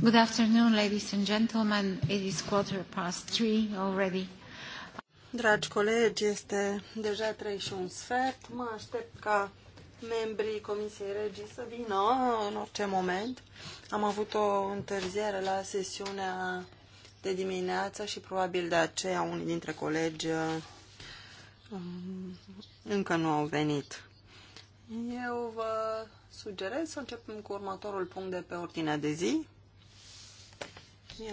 Good afternoon, ladies and gentlemen. It is quarter past three already. Dragi colegi, este deja trei și un sfert. Mă aștept ca membrii Comisiei Regii să vină în orice moment. Am avut o întârziere la sesiunea de dimineață și probabil de aceea unii dintre colegi um, încă nu au venit. Eu vă sugerez să începem cu următorul punct de pe ordinea de zi.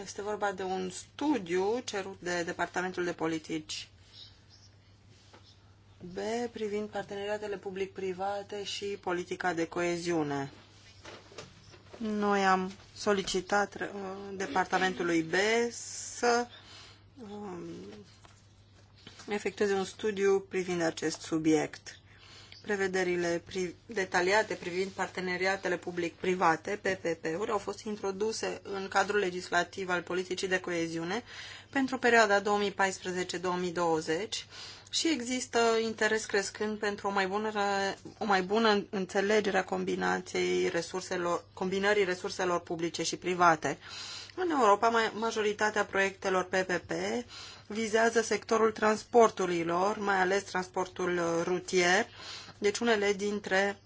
Este vorba de un studiu cerut de Departamentul de Politici B privind parteneriatele public-private și politica de coeziune. Noi am solicitat uh, Departamentului B să um, efectueze un studiu privind acest subiect prevederile pri detaliate privind parteneriatele public-private, PPP-uri, au fost introduse în cadrul legislativ al politicii de coeziune pentru perioada 2014-2020 și există interes crescând pentru o mai bună, o mai bună înțelegere a combinației resurselor, combinării resurselor publice și private. În Europa, majoritatea proiectelor PPP vizează sectorul transporturilor, mai ales transportul rutier, deci unele dintre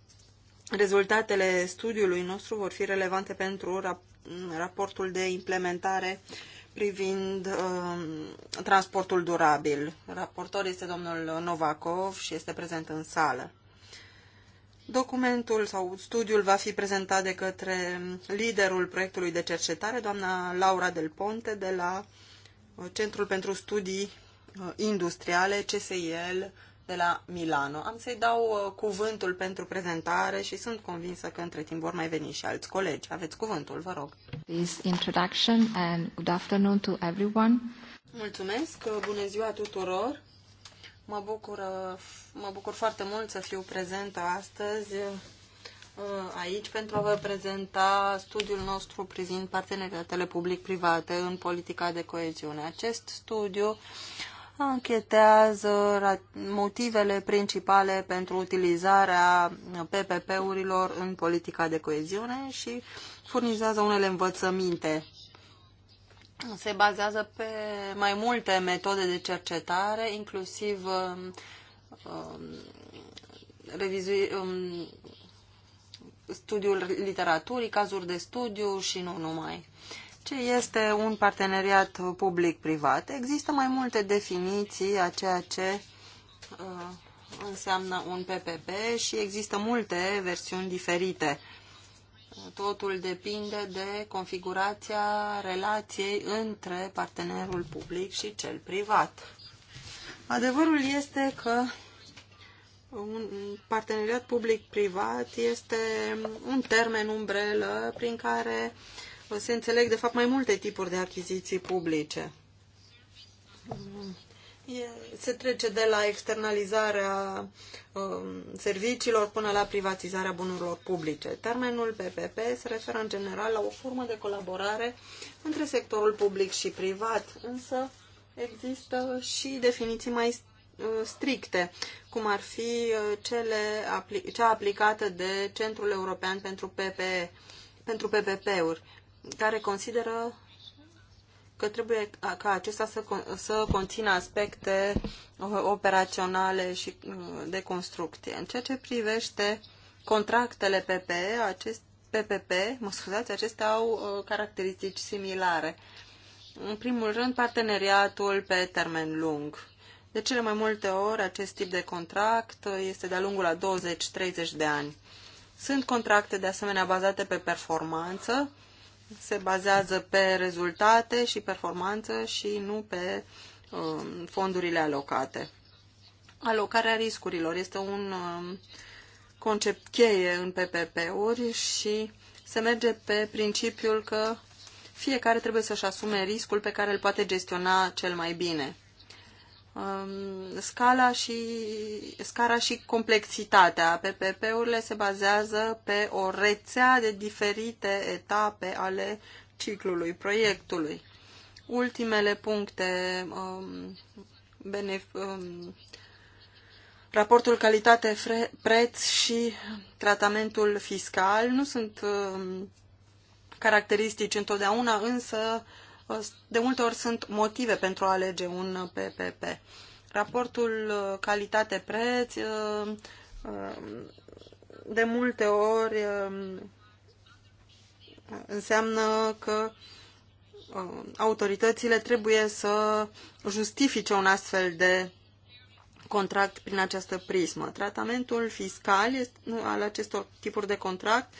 rezultatele studiului nostru vor fi relevante pentru raportul de implementare privind uh, transportul durabil. Raportor este domnul Novakov și este prezent în sală. Documentul sau studiul va fi prezentat de către liderul proiectului de cercetare, doamna Laura Del Ponte, de la uh, Centrul pentru Studii uh, Industriale, CSIL de la Milano. Am să-i dau uh, cuvântul pentru prezentare și sunt convinsă că între timp vor mai veni și alți colegi. Aveți cuvântul, vă rog. This introduction and good afternoon to everyone. Mulțumesc, uh, bună ziua tuturor. Mă bucur, mă bucur foarte mult să fiu prezentă astăzi uh, aici pentru a vă prezenta studiul nostru privind parteneriatele public-private în politica de coeziune. Acest studiu anchetează motivele principale pentru utilizarea PPP-urilor în politica de coeziune și furnizează unele învățăminte. Se bazează pe mai multe metode de cercetare, inclusiv um, um revizui, um, studiul literaturii, cazuri de studiu și nu numai. Ce este un parteneriat public-privat? Există mai multe definiții a ceea ce uh, înseamnă un PPP și există multe versiuni diferite. Totul depinde de configurația relației între partenerul public și cel privat. Adevărul este că un parteneriat public-privat este un termen umbrelă prin care uh, se înțeleg, de fapt, mai multe tipuri de achiziții publice. Se trece de la externalizarea um, serviciilor până la privatizarea bunurilor publice. Termenul PPP se referă în general la o formă de colaborare între sectorul public și privat, însă există și definiții mai uh, stricte, cum ar fi uh, cele, cea aplicată de Centrul European pentru PPE, pentru PPP-uri care consideră că trebuie ca acesta să, să conțină aspecte uh, operaționale și uh, de construcție. În ceea ce privește contractele PP, acest PPP, mă scuzați, acestea au uh, caracteristici similare. În primul rând, parteneriatul pe termen lung. De cele mai multe ori, acest tip de contract este de-a lungul la 20-30 de ani. Sunt contracte de asemenea bazate pe performanță, se bazează pe rezultate și performanță și nu pe uh, fondurile alocate. Alocarea riscurilor este un uh, concept cheie în PPP-uri și se merge pe principiul că fiecare trebuie să-și asume riscul pe care îl poate gestiona cel mai bine um, scala și, scara și complexitatea. PPP-urile se bazează pe o rețea de diferite etape ale ciclului proiectului. Ultimele puncte, um, benef- um, raportul calitate-preț și tratamentul fiscal nu sunt um, caracteristici întotdeauna, însă uh, de multe ori sunt motive pentru a alege un PPP. Raportul uh, calitate-preț uh, uh, de multe ori um, înseamnă că autoritățile trebuie să justifice un astfel de contract prin această prismă. Tratamentul fiscal al acestor tipuri de contract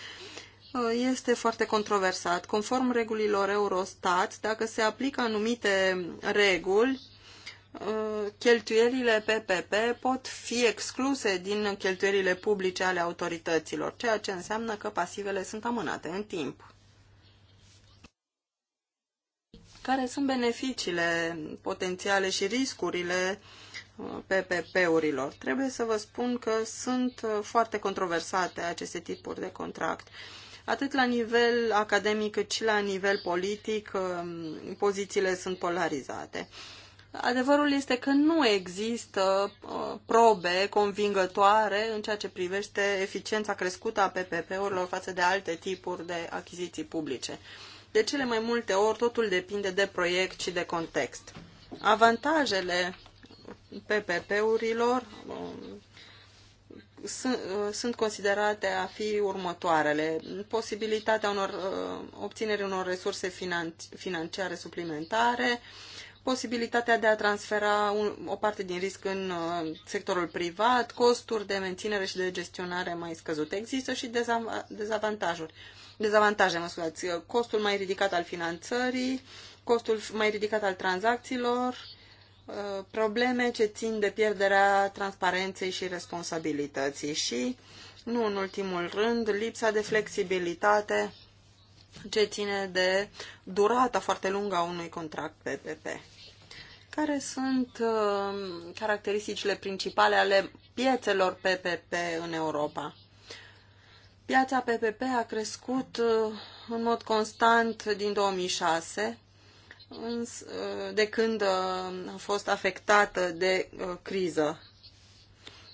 este foarte controversat. Conform regulilor Eurostat, dacă se aplică anumite reguli, uh, cheltuielile PPP pot fi excluse din cheltuielile publice ale autorităților, ceea ce înseamnă că pasivele sunt amânate în timp. Care sunt beneficiile potențiale și riscurile uh, PPP-urilor? Trebuie să vă spun că sunt uh, foarte controversate aceste tipuri de contract. Atât la nivel academic cât și la nivel politic, um, pozițiile sunt polarizate. Adevărul este că nu există uh, probe convingătoare în ceea ce privește eficiența crescută a PPP-urilor față de alte tipuri de achiziții publice. De cele mai multe ori, totul depinde de proiect și de context. Avantajele PPP-urilor um, Uh, sunt considerate a fi următoarele. Posibilitatea unor, uh, obținerii unor resurse financiare suplimentare, posibilitatea de a transfera o parte din risc în uh, sectorul privat, costuri de menținere și de gestionare mai scăzute. Există și dezavantajuri. Dezavantaje, mă scuzați, costul mai ridicat al finanțării, costul mai ridicat al tranzacțiilor, Uh, probleme ce țin de pierderea transparenței și responsabilității și, nu în ultimul rând, lipsa de flexibilitate ce ține de durata foarte lungă a unui contract PPP. Care sunt uh, caracteristicile principale ale piețelor PPP în Europa? Piața PPP a crescut uh, în mod constant din 2006 Uh, de când uh, a fost afectată de uh, criză.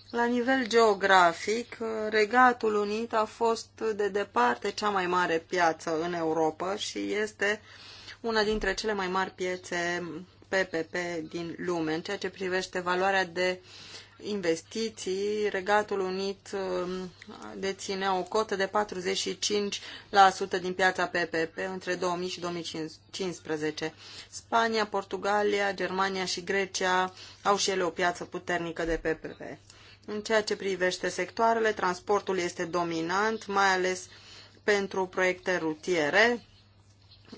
La nivel geografic, Regatul Unit a fost de departe cea mai mare piață în Europa și este una dintre cele mai mari piețe PPP din lume, în ceea ce privește valoarea de uh, investiții, Regatul Unit um, deține o cotă de 45% din piața PPP între 2000 și 2015. Spania, Portugalia, Germania și Grecia au și ele o piață puternică de PPP. În ceea ce privește sectoarele, transportul este dominant, mai ales pentru proiecte rutiere.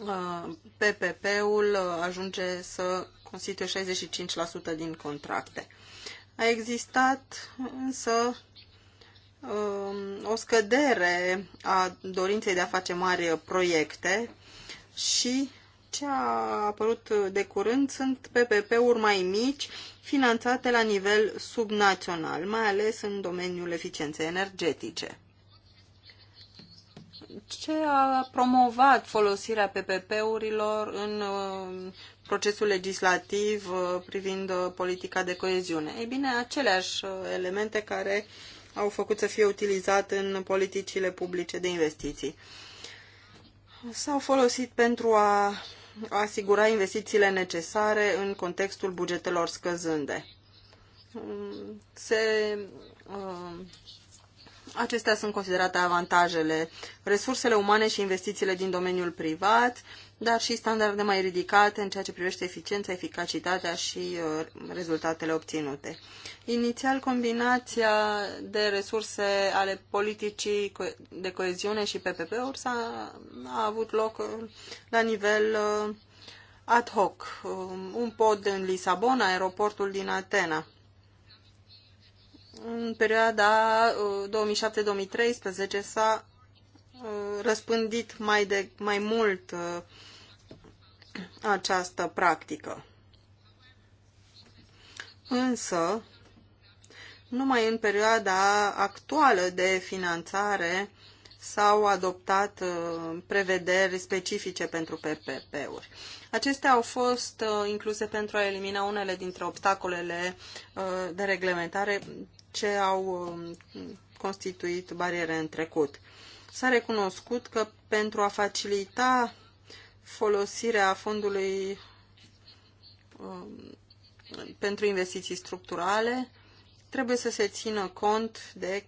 Uh, PPP-ul uh, ajunge să constituie 65% din contracte. A existat însă um, o scădere a dorinței de a face mari proiecte și ce a apărut de curând sunt PPP-uri mai mici finanțate la nivel subnațional, mai ales în domeniul eficienței energetice ce a promovat folosirea PPP-urilor în uh, procesul legislativ uh, privind uh, politica de coeziune? Ei bine, aceleași elemente care au făcut să fie utilizat în politicile publice de investiții. S-au folosit pentru a asigura investițiile necesare în contextul bugetelor scăzânde. Se uh, Acestea sunt considerate avantajele, resursele umane și investițiile din domeniul privat, dar și standarde mai ridicate în ceea ce privește eficiența, eficacitatea și uh, rezultatele obținute. Inițial, combinația de resurse ale politicii de coeziune și PPP-uri a a avut loc uh, la nivel uh, ad hoc. Um, un pod în Lisabona, aeroportul din Atena. În perioada 2007-2013 uh, s-a uh, răspândit mai, de, mai mult uh, această practică. Însă, numai în perioada actuală de finanțare s-au adoptat prevederi specifice pentru PPP-uri. Acestea au fost incluse pentru a elimina unele dintre obstacolele de reglementare ce au um, constituit bariere în trecut. S-a recunoscut că pentru a facilita folosirea fondului um, pentru investiții structurale, trebuie să se țină cont de,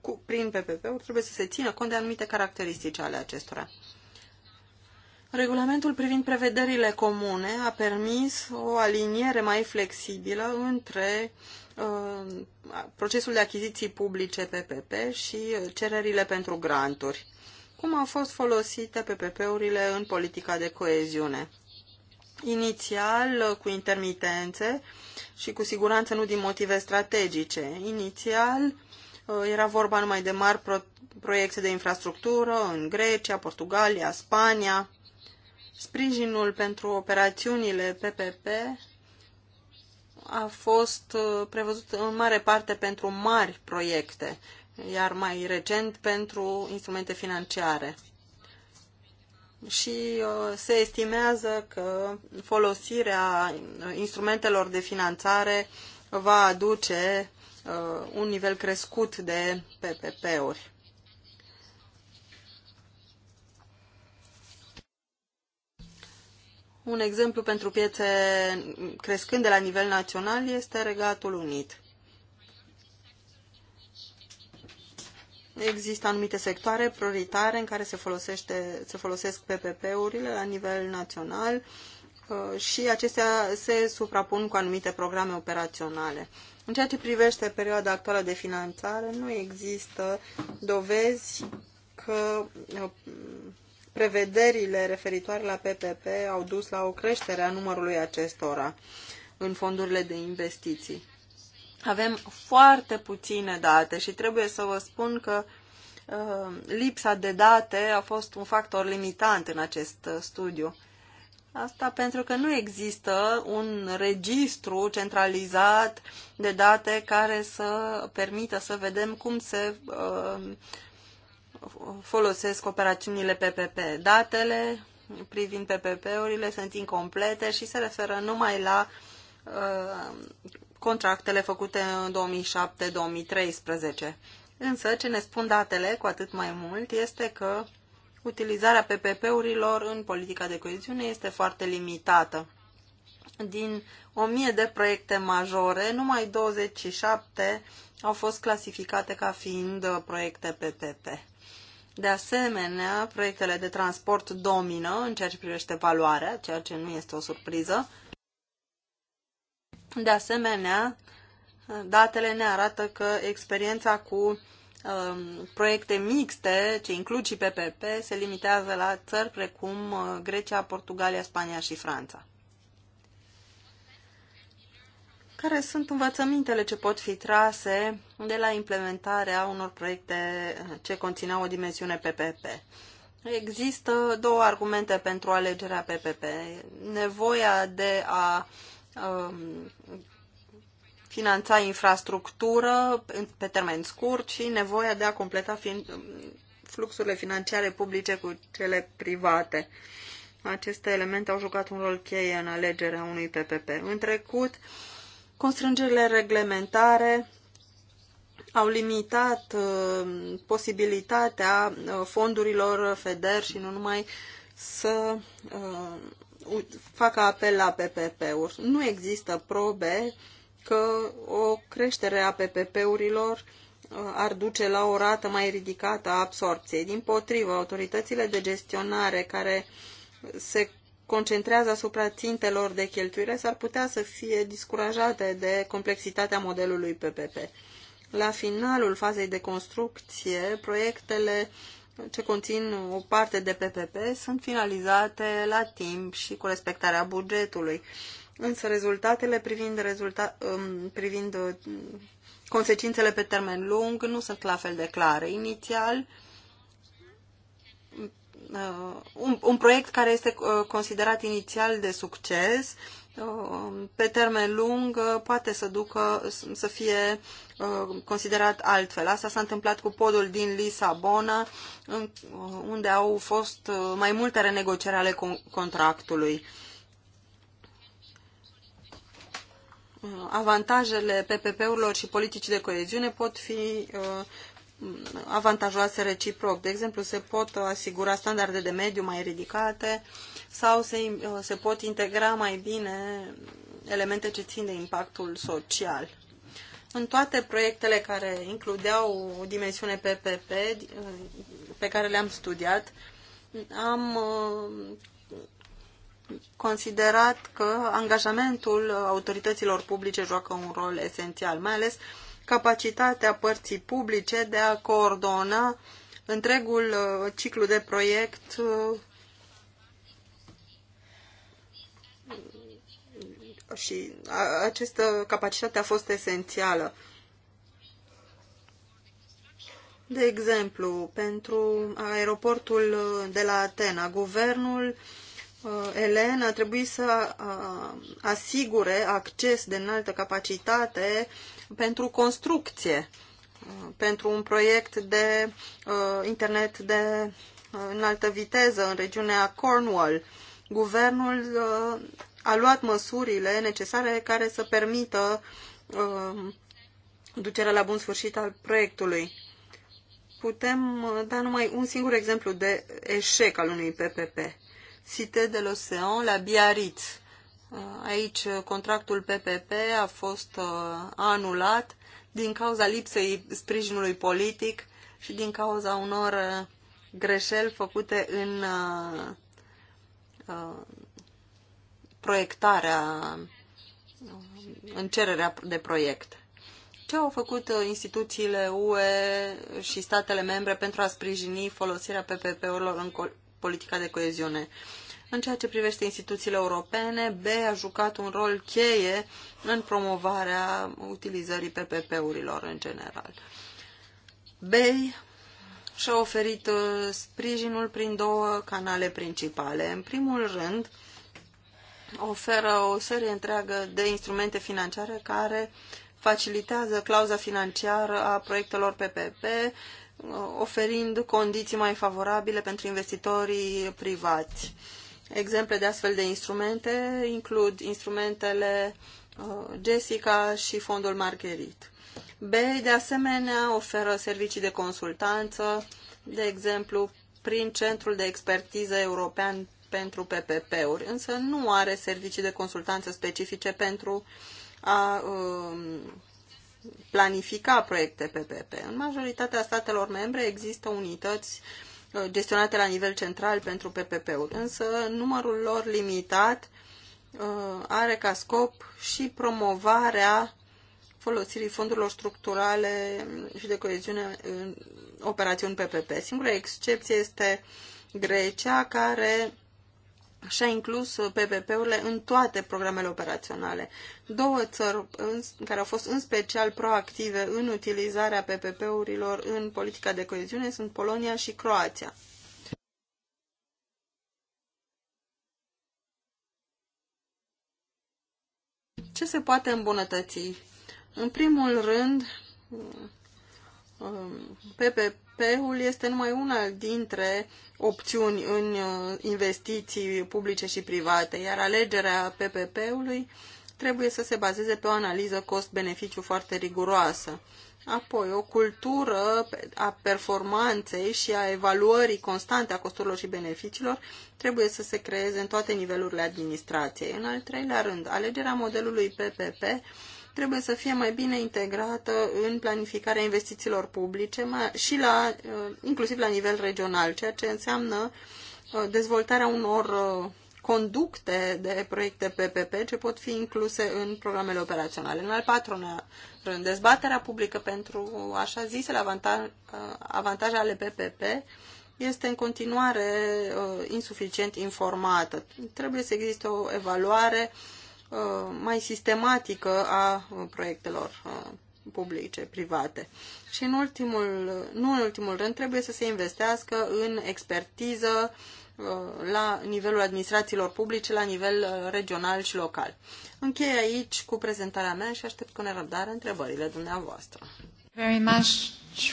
cu, prin PPP-uri, trebuie să se țină cont de anumite caracteristici ale acestora. Regulamentul privind prevederile comune a permis o aliniere mai flexibilă între uh, procesul de achiziții publice PPP și cererile pentru granturi. Cum au fost folosite PPP-urile în politica de coeziune? Inițial uh, cu intermitențe și cu siguranță nu din motive strategice. Inițial uh, era vorba numai de mari pro proiecte de infrastructură în Grecia, Portugalia, Spania, Sprijinul pentru operațiunile PPP a fost uh, prevăzut în mare parte pentru mari proiecte, iar mai recent pentru instrumente financiare. Și uh, se estimează că folosirea uh, instrumentelor de finanțare va aduce un nivel crescut de PPP-uri. Un exemplu pentru piețe crescând de la nivel național este Regatul Unit. Există anumite sectoare prioritare în care se, folosește, se folosesc PPP-urile la nivel național uh, și acestea se suprapun cu anumite programe operaționale. În ceea ce privește perioada actuală de finanțare, nu există dovezi că uh, prevederile referitoare la PPP au dus la o creștere a numărului acestora în fondurile de investiții. Avem foarte puține date și trebuie să vă spun că uh, lipsa de date a fost un factor limitant în acest uh, studiu. Asta pentru că nu există un registru centralizat de date care să permită să vedem cum se uh, folosesc operațiunile PPP. Datele privind PPP-urile sunt incomplete și se referă numai la uh, contractele făcute în 2007-2013. Însă, ce ne spun datele, cu atât mai mult, este că utilizarea PPP-urilor în politica de coeziune este foarte limitată. Din 1000 de proiecte majore, numai 27 au fost clasificate ca fiind uh, proiecte PPP. De asemenea, proiectele de transport domină în ceea ce privește valoarea, ceea ce nu este o surpriză. De asemenea, datele ne arată că experiența cu um, proiecte mixte, ce includ și PPP, se limitează la țări precum uh, Grecia, Portugalia, Spania și Franța. care sunt învățămintele ce pot fi trase de la implementarea unor proiecte ce conțineau o dimensiune PPP. Există două argumente pentru alegerea PPP. Nevoia de a um, finanța infrastructură pe termen scurt și nevoia de a completa fin- fluxurile financiare publice cu cele private. Aceste elemente au jucat un rol cheie în alegerea unui PPP. În trecut, uh, Constrângerile reglementare au limitat uh, posibilitatea uh, fondurilor FEDER și nu numai să uh, facă apel la PPP-uri. Nu există probe că o creștere a PPP-urilor ar duce la o rată mai ridicată a absorpției. Din potrivă, autoritățile de gestionare care se concentrează asupra țintelor de cheltuire s-ar putea să fie discurajate de complexitatea modelului PPP. La finalul fazei de construcție, proiectele ce conțin o parte de PPP sunt finalizate la timp și cu respectarea bugetului. Însă rezultatele privind, rezulta, um, privind uh, consecințele pe termen lung nu sunt la fel de clare. Inițial, un, un proiect care este uh, considerat inițial de succes, uh, pe termen lung uh, poate să ducă să fie considerat altfel. Asta s-a întâmplat cu podul din Lisabona, unde au fost mai multe renegociere ale contractului. Avantajele PPP-urilor și politicii de coeziune pot fi avantajoase reciproc. De exemplu, se pot asigura standarde de mediu mai ridicate sau se, se pot integra mai bine elemente ce țin de impactul social. În toate proiectele care includeau o dimensiune PPP pe care le-am studiat, am considerat că angajamentul autorităților publice joacă un rol esențial, mai ales capacitatea părții publice de a coordona întregul uh, ciclu de proiect uh, și această capacitate a fost esențială. De exemplu, pentru aeroportul uh, de la Atena, guvernul Elen a trebuit să asigure acces de înaltă capacitate pentru construcție, pentru un proiect de uh, internet de uh, înaltă viteză în regiunea Cornwall. Guvernul uh, a luat măsurile necesare care să permită uh, ducerea la bun sfârșit al proiectului. Putem uh, da numai un singur exemplu de eșec al unui PPP. Cité de l'Océan la Biarritz Aici uh, contractul PPP a fost uh, anulat din cauza lipsei sprijinului politic și din cauza unor uh, greșeli făcute în proiectarea, în cererea de proiect. Ce au făcut instituțiile UE și statele membre pentru a sprijini folosirea PPP-urilor în politica de coeziune? În ceea ce privește instituțiile europene, B a jucat un rol cheie în promovarea utilizării PPP-urilor în general. B și-a oferit uh, sprijinul prin două canale principale. În primul rând, oferă o serie întreagă de instrumente financiare care facilitează clauza financiară a proiectelor PPP, uh, oferind condiții mai favorabile pentru investitorii privați. Exemple de astfel de instrumente includ instrumentele uh, Jessica și fondul Margherit. B, de asemenea, oferă servicii de consultanță, de exemplu, prin Centrul de Expertiză European pentru PPP-uri, însă nu are servicii de consultanță specifice pentru a um, planifica proiecte PPP. În majoritatea statelor membre există unități uh, gestionate la nivel central pentru PPP-uri, însă numărul lor limitat uh, are ca scop și promovarea folosirii fondurilor structurale și de coeziune în operațiuni PPP. Singura excepție este Grecia, care și-a inclus uh, PPP-urile în toate programele operaționale. Două țări care au fost în special proactive în utilizarea PPP-urilor în politica de coeziune sunt Polonia și Croația. Ce se poate îmbunătăți? În primul rând, Um, PPP-ul este numai una dintre opțiuni în uh, investiții publice și private, iar alegerea PPP-ului trebuie să se bazeze pe o analiză cost-beneficiu foarte riguroasă. Apoi, o cultură a performanței și a evaluării constante a costurilor și beneficiilor trebuie să se creeze în toate nivelurile administrației. În al treilea rând, alegerea modelului PPP trebuie să fie mai bine integrată în planificarea investițiilor publice și la, uh, inclusiv la nivel regional, ceea ce înseamnă uh, dezvoltarea unor uh, conducte de proiecte PPP ce pot fi incluse în programele operaționale. În al patrulea rând, dezbaterea publică pentru așa zisele avantaj, avantaje ale PPP este în continuare insuficient informată. Trebuie să existe o evaluare uh, Uh, mai sistematică a uh, proiectelor uh, publice, private. Și în ultimul, nu în ultimul rând, trebuie să se investească în expertiză la nivelul administrațiilor publice, la nivel regional și local. Închei aici cu prezentarea mea și aștept cu nerăbdare întrebările dumneavoastră. Very much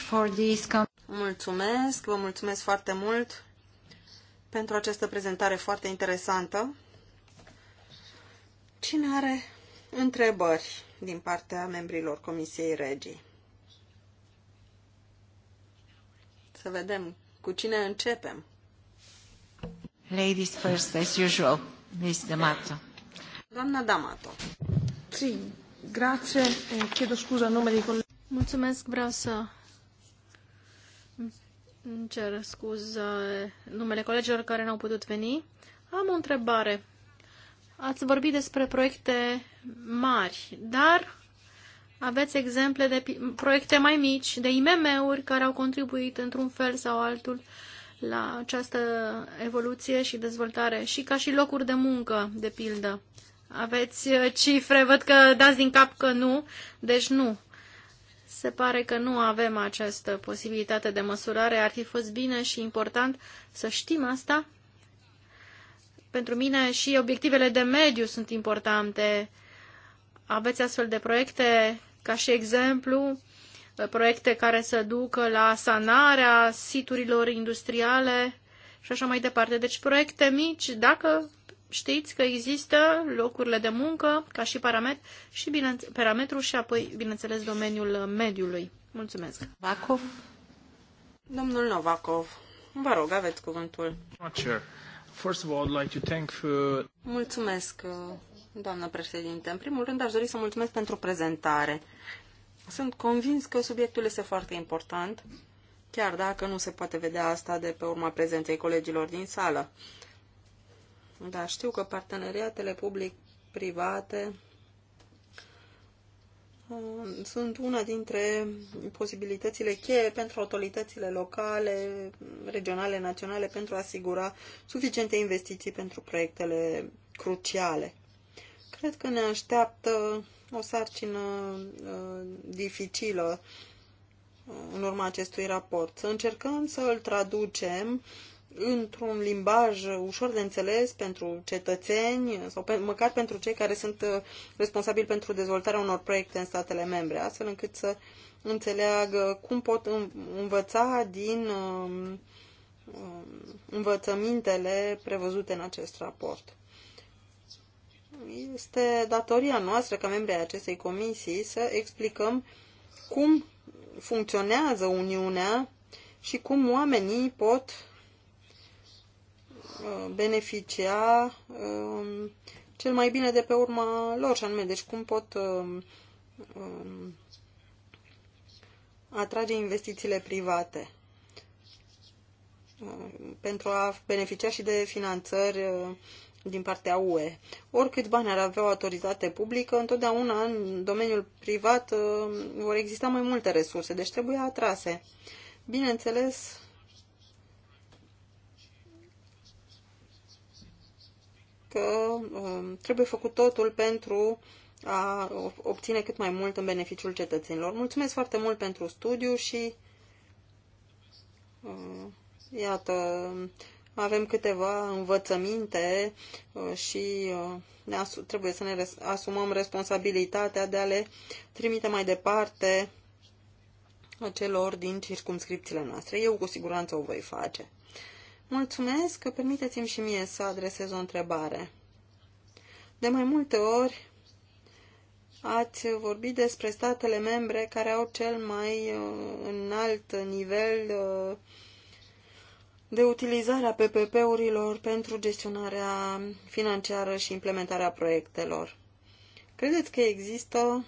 for this... Mulțumesc, vă mulțumesc foarte mult pentru această prezentare foarte interesantă. Cine are întrebări din partea membrilor Comisiei Regii? Să vedem cu cine începem. Ladies first, as usual, Ms. D'Amato. Doamna D'Amato. Sì, grazie, eh, chiedo scuza în nome dei colleghi. Mulțumesc, vreau să îmi cer scuze eh, numele colegilor care n-au putut veni. Am o întrebare ați vorbit despre proiecte mari, dar aveți exemple de proiecte mai mici, de IMM-uri care au contribuit într-un fel sau altul la această evoluție și dezvoltare și ca și locuri de muncă, de pildă. Aveți uh, cifre, văd că dați din cap că nu, deci nu. Se pare că nu avem această posibilitate de măsurare, ar fi fost bine și important să știm asta pentru mine și obiectivele de mediu sunt importante. Aveți astfel de proiecte ca și exemplu, proiecte care să ducă la sanarea siturilor industriale și așa mai departe. Deci proiecte mici, dacă știți că există locurile de muncă ca și paramet și parametru și apoi, bineînțeles, domeniul mediului. Mulțumesc. Novakov. Domnul Novakov, vă rog, aveți cuvântul. Sure. First of all, I'd like to thank for... Mulțumesc, uh, doamnă președinte. În primul rând, aș dori să mulțumesc pentru prezentare. Sunt convins că subiectul este foarte important, chiar dacă nu se poate vedea asta de pe urma prezenței colegilor din sală. Dar știu că parteneriatele public-private Uh, sunt una dintre posibilitățile cheie pentru autoritățile locale, regionale, naționale pentru a asigura suficiente investiții pentru proiectele cruciale. Cred că ne așteaptă o sarcină uh, dificilă uh, în urma acestui raport. Să încercăm să îl traducem într-un limbaj ușor de înțeles pentru cetățeni sau pe, măcar pentru cei care sunt uh, responsabili pentru dezvoltarea unor proiecte în statele membre, astfel încât să înțeleagă cum pot învăța din um, um, învățămintele prevăzute în acest raport. Este datoria noastră ca ai acestei comisii să explicăm cum funcționează Uniunea și cum oamenii pot uh, Uh, beneficia um, cel mai bine de pe urma lor, și anume, deci cum pot uh, um, atrage investițiile private uh, pentru a beneficia și de finanțări din partea UE. Oricât bani ar avea o autoritate publică, întotdeauna în domeniul privat vor exista mai multe resurse, deci trebuie atrase. Bineînțeles, că um, trebuie făcut totul pentru a obține cât mai mult în beneficiul cetățenilor. Mulțumesc foarte mult pentru studiu și uh, iată, avem câteva învățăminte uh, și uh, ne trebuie să ne asumăm responsabilitatea de a le trimite mai departe celor din circumscripțiile noastre. Eu cu siguranță o voi face. Mulțumesc că permiteți-mi și mie să adresez o întrebare. De mai multe ori ați vorbit despre statele membre care au cel mai uh, înalt nivel uh, de utilizare a PPP-urilor pentru gestionarea financiară și implementarea proiectelor. Credeți că există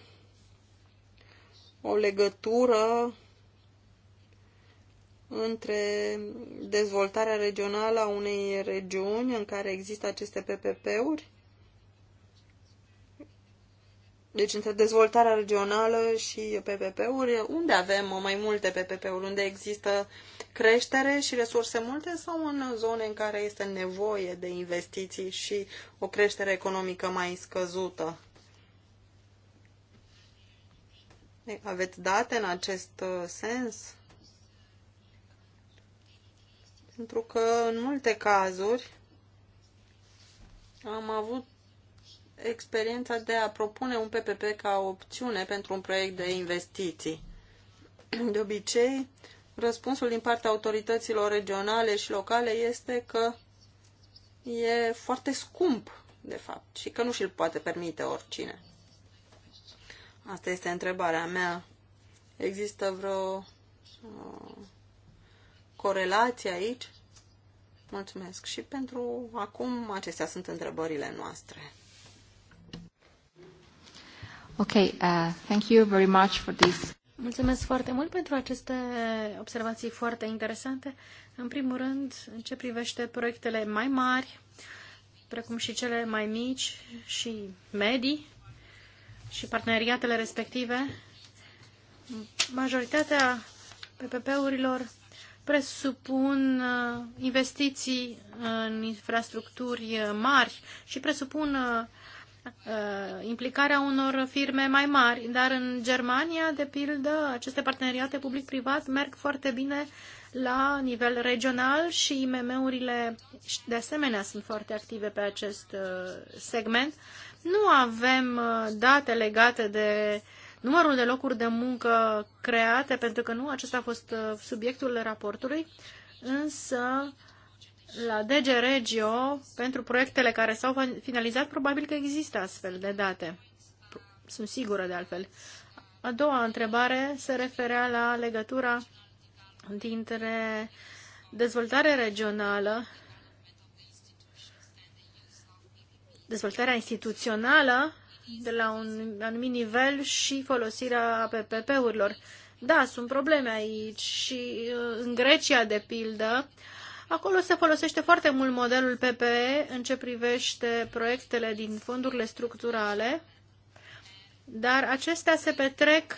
o legătură între dezvoltarea regională a unei regiuni în care există aceste PPP-uri? Deci între dezvoltarea regională și PPP-uri, unde avem mai multe PPP-uri? Unde există creștere și resurse multe sau în zone în care este nevoie de investiții și o creștere economică mai scăzută? Aveți date în acest uh, sens? pentru că în multe cazuri am avut experiența de a propune un PPP ca opțiune pentru un proiect de investiții. De obicei, răspunsul din partea autorităților regionale și locale este că e foarte scump, de fapt, și că nu și-l poate permite oricine. Asta este întrebarea mea. Există vreo uh, corelație aici? Mulțumesc. Și pentru acum, acestea sunt întrebările noastre. Ok, uh, thank you very much for this. Mulțumesc foarte mult pentru aceste observații foarte interesante. În primul rând, în ce privește proiectele mai mari, precum și cele mai mici și medii și parteneriatele respective, majoritatea PPP-urilor presupun uh, investiții în infrastructuri uh, mari și presupun uh, implicarea unor firme mai mari, dar în Germania, de pildă, aceste parteneriate public-privat merg foarte bine la nivel regional și IMM-urile de asemenea sunt foarte active pe acest segment. Nu avem date legate de uh, numărul de locuri de muncă create, pentru că nu acesta a fost uh, subiectul raportului, însă la DG Regio, pentru proiectele care s-au finalizat, probabil că există astfel de date. Sunt sigură de altfel. A doua întrebare se referea la legătura dintre dezvoltare regională, dezvoltarea instituțională de la un anumit nivel și folosirea ppp urilor Da, sunt probleme aici și uh, în Grecia, de pildă, acolo se folosește foarte mult modelul PPE în ce privește proiectele din fondurile structurale, dar acestea se petrec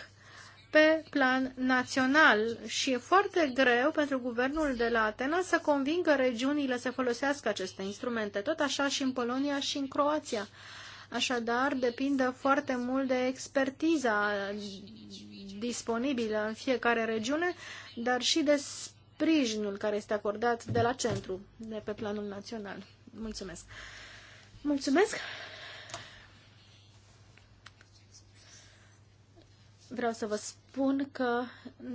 pe plan național și e foarte greu pentru guvernul de la Atena să convingă regiunile să folosească aceste instrumente, tot așa și în Polonia și în Croația. Așadar, depinde foarte mult de expertiza disponibilă în fiecare regiune, dar și de sprijinul care este acordat de la centru, de pe planul național. Mulțumesc! Mulțumesc! Vreau să vă spun că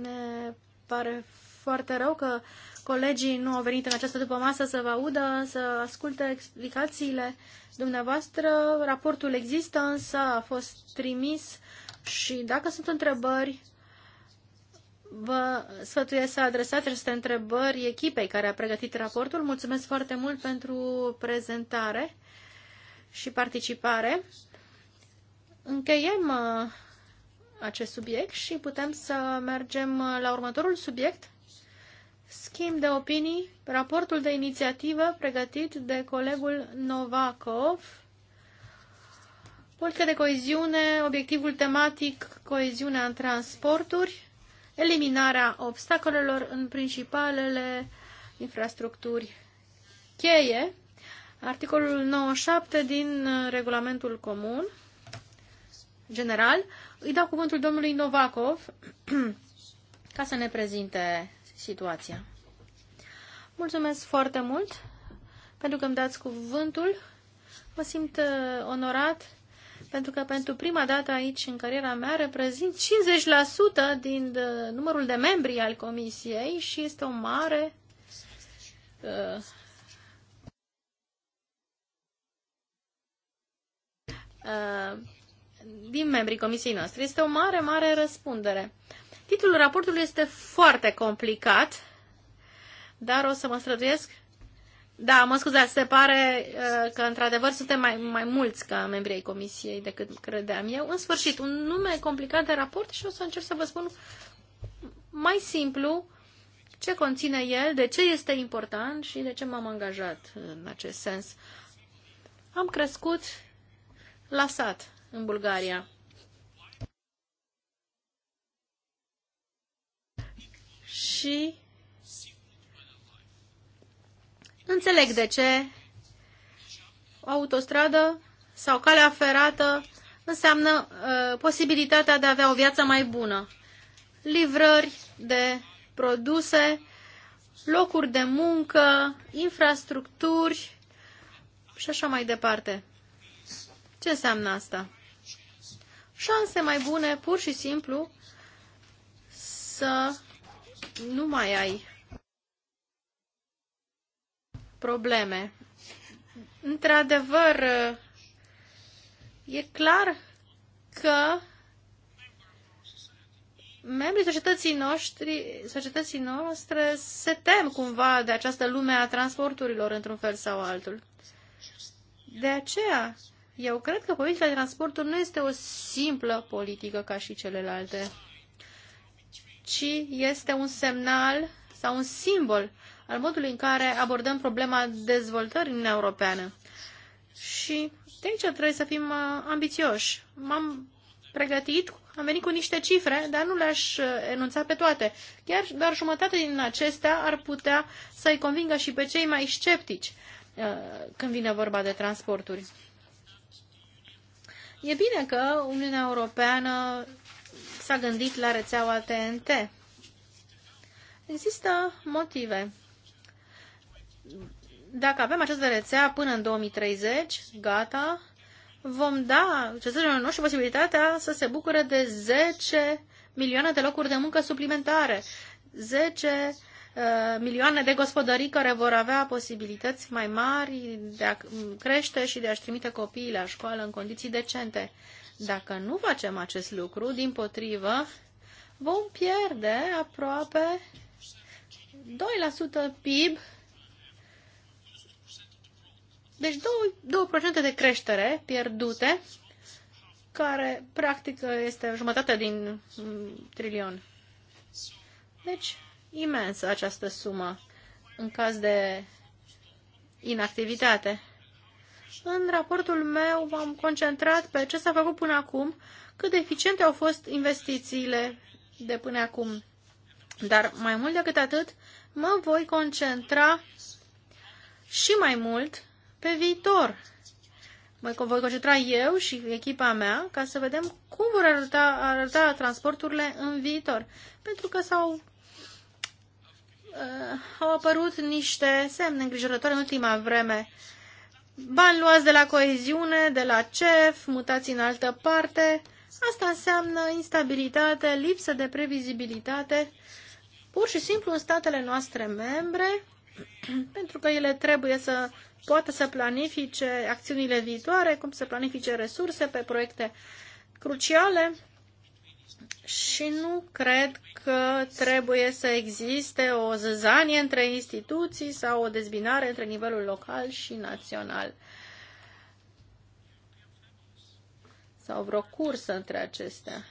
ne pare foarte rău că colegii nu au venit în această după masă să vă audă, să asculte explicațiile dumneavoastră. Raportul există, însă a fost trimis și dacă sunt întrebări, vă sfătuiesc să adresați aceste întrebări echipei care a pregătit raportul. Mulțumesc foarte mult pentru prezentare și participare. Încheiem uh, acest subiect și putem să mergem uh, la următorul subiect schimb de opinii, raportul de inițiativă pregătit de colegul Novakov, Politica de coeziune, obiectivul tematic, coeziunea în transporturi, eliminarea obstacolelor în principalele infrastructuri cheie, articolul 97 din uh, regulamentul comun general. Îi dau cuvântul domnului Novakov ca să ne prezinte situația. Mulțumesc foarte mult pentru că îmi dați cuvântul. Mă simt uh, onorat pentru că pentru prima dată aici în cariera mea reprezint 50% din uh, numărul de membri al comisiei și este o mare uh, uh din membrii comisiei noastre. Este o mare, mare răspundere. Titlul raportului este foarte complicat, dar o să mă străduiesc. Da, mă scuzați, se pare uh, că într-adevăr suntem mai, mai mulți ca membrii ai comisiei decât credeam eu. În sfârșit, un nume complicat de raport și o să încerc să vă spun mai simplu ce conține el, de ce este important și de ce m-am angajat în acest sens. Am crescut la sat în Bulgaria și înțeleg de ce o autostradă sau calea ferată înseamnă uh, posibilitatea de a avea o viață mai bună. Livrări de produse, locuri de muncă, infrastructuri și așa mai departe. Ce înseamnă asta? Șanse mai bune, pur și simplu, să nu mai ai probleme. Într-adevăr, e clar că membrii societății, noștri, societății noastre se tem cumva de această lume a transporturilor într-un fel sau altul. De aceea, eu cred că politica de transporturi nu este o simplă politică ca și celelalte ci este un semnal sau un simbol al modului în care abordăm problema dezvoltării în europeană. Și de aici trebuie să fim uh, ambițioși. M-am pregătit, am venit cu niște cifre, dar nu le-aș uh, enunța pe toate. Chiar doar jumătate din acestea ar putea să-i convingă și pe cei mai sceptici uh, când vine vorba de transporturi. E bine că Uniunea Europeană s-a gândit la rețeaua TNT. Există motive. Dacă avem această rețea până în 2030, gata, vom da cetățenilor noștri posibilitatea să se bucure de 10 milioane de locuri de muncă suplimentare, 10 uh, milioane de gospodării care vor avea posibilități mai mari de a crește și de a-și trimite copiii la școală în condiții decente. Dacă nu facem acest lucru, din potrivă, vom pierde aproape 2% PIB, deci 2%, 2 de creștere pierdute, care practic este jumătate din mm, trilion. Deci, imensă această sumă în caz de inactivitate. În raportul meu m-am concentrat pe ce s-a făcut până acum, cât de eficiente au fost investițiile de până acum. Dar mai mult decât atât, mă voi concentra și mai mult pe viitor. Mă voi concentra eu și echipa mea ca să vedem cum vor arăta, arăta transporturile în viitor. Pentru că s-au uh, au apărut niște semne îngrijorătoare în ultima vreme Bani luați de la coeziune, de la CEF, mutați în altă parte. Asta înseamnă instabilitate, lipsă de previzibilitate, pur și simplu în statele noastre membre, pentru că ele trebuie să poată să planifice acțiunile viitoare, cum să planifice resurse pe proiecte cruciale și nu cred că trebuie să existe o zăzanie între instituții sau o dezbinare între nivelul local și național. Sau vreo cursă între acestea.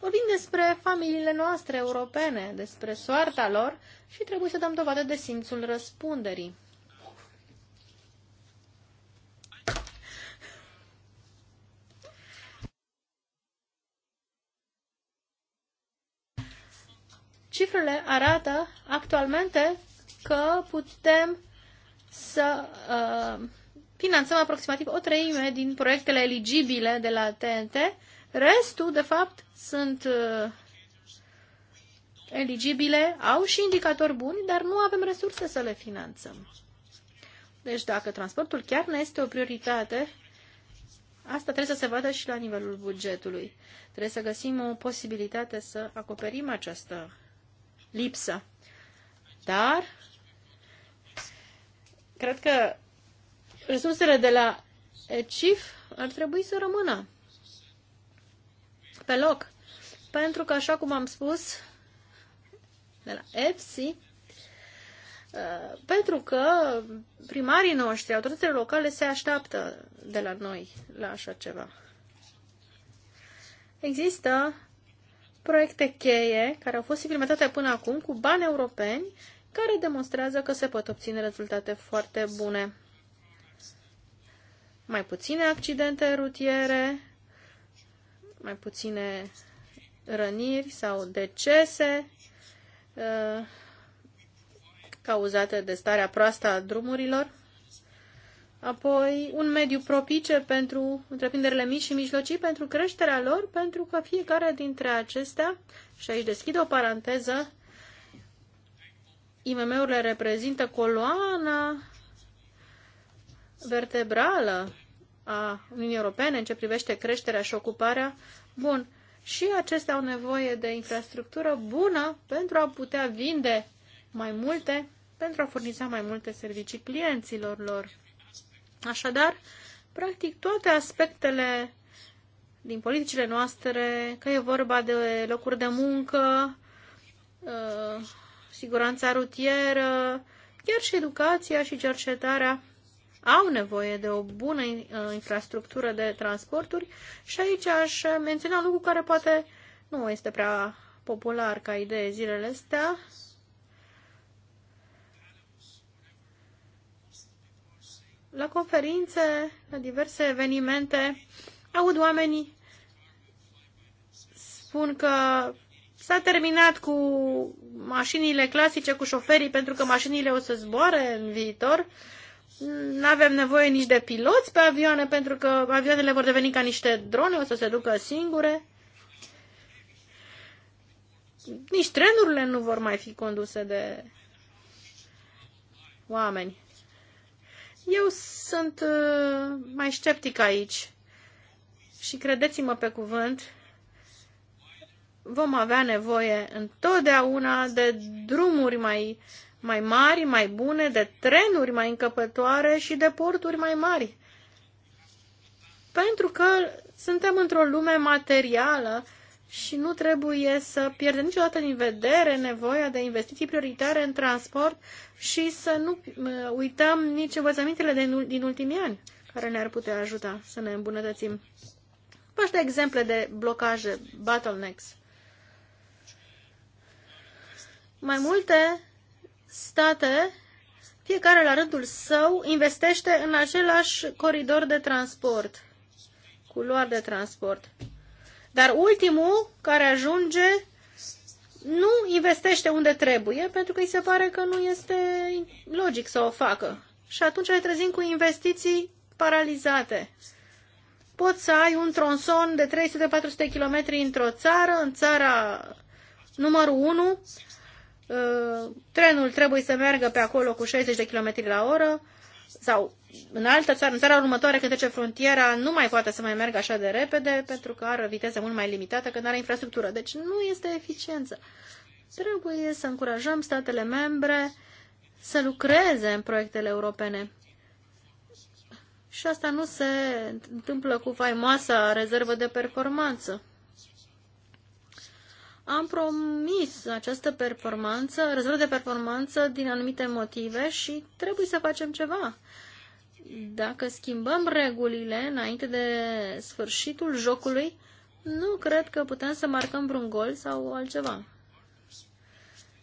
Vorbim despre familiile noastre europene, despre soarta lor și trebuie să dăm dovadă de simțul răspunderii. Cifrele arată actualmente că putem să uh, finanțăm aproximativ o treime din proiectele eligibile de la TNT. Restul, de fapt, sunt uh, eligibile, au și indicatori buni, dar nu avem resurse să le finanțăm. Deci dacă transportul chiar ne este o prioritate, asta trebuie să se vadă și la nivelul bugetului. Trebuie să găsim o posibilitate să acoperim această lipsă. Dar cred că resursele de la ECIF ar trebui să rămână pe loc. Pentru că, așa cum am spus, de la EFSI, uh, pentru că primarii noștri, autoritățile locale, se așteaptă de la noi la așa ceva. Există proiecte cheie care au fost implementate până acum cu bani europeni care demonstrează că se pot obține rezultate foarte bune. Mai puține accidente rutiere, mai puține răniri sau decese uh, cauzate de starea proastă a drumurilor apoi un mediu propice pentru întreprinderile mici și mijlocii, pentru creșterea lor, pentru că fiecare dintre acestea, și aici deschid o paranteză, IMM-urile reprezintă coloana vertebrală a Uniunii Europene în ce privește creșterea și ocuparea. Bun, și acestea au nevoie de infrastructură bună pentru a putea vinde mai multe, pentru a furniza mai multe servicii clienților lor. Așadar, practic toate aspectele din politicile noastre, că e vorba de locuri de muncă, uh, siguranța rutieră, chiar și educația și cercetarea au nevoie de o bună uh, infrastructură de transporturi și aici aș menționa un lucru care poate nu este prea popular ca idee zilele astea, la conferințe, la diverse evenimente, aud oamenii spun că s-a terminat cu mașinile clasice, cu șoferii, pentru că mașinile o să zboare în viitor. Nu avem nevoie nici de piloți pe avioane, pentru că avioanele vor deveni ca niște drone, o să se ducă singure. Nici trenurile nu vor mai fi conduse de oameni. Eu sunt uh, mai sceptic aici și credeți-mă pe cuvânt, vom avea nevoie întotdeauna de drumuri mai, mai mari, mai bune, de trenuri mai încăpătoare și de porturi mai mari. Pentru că suntem într-o lume materială și nu trebuie să pierdem niciodată din vedere nevoia de investiții prioritare în transport și să nu uh, uităm nici învățămintele din ultimii ani care ne-ar putea ajuta să ne îmbunătățim. v da exemple de blocaje, bottlenecks. Mai multe state, fiecare la rândul său, investește în același coridor de transport, culoar de transport. Dar ultimul care ajunge nu investește unde trebuie pentru că îi se pare că nu este logic să o facă. Și atunci ne trezim cu investiții paralizate. Poți să ai un tronson de 300-400 km într-o țară, în țara numărul 1, ă, trenul trebuie să meargă pe acolo cu 60 de km la oră, sau în altă țară, în țara următoare când trece frontiera, nu mai poate să mai meargă așa de repede pentru că are o viteză mult mai limitată, că nu are infrastructură. Deci nu este eficiență. Trebuie să încurajăm statele membre să lucreze în proiectele europene. Și asta nu se întâmplă cu faimoasa rezervă de performanță. Am promis această performanță, rezervă de performanță din anumite motive și trebuie să facem ceva dacă schimbăm regulile înainte de sfârșitul jocului, nu cred că putem să marcăm vreun gol sau altceva.